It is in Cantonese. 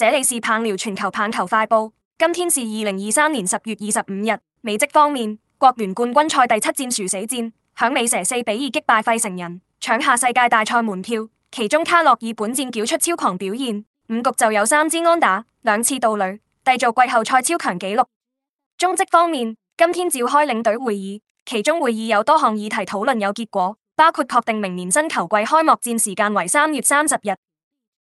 這裏是棒聊全球棒球快報，今天是二零二三年十月二十五日。美職方面，國聯冠軍賽第七戰殊死戰，響尾蛇四比二擊敗費城人，搶下世界大賽門票。其中卡洛爾本戰繳出超狂表現，五局就有三支安打，兩次盜壘，締造季後賽超強紀錄。中職方面，今天召開領隊會議，其中會議有多項議題討論有結果，包括確定明年新球季開幕戰時間為三月三十日。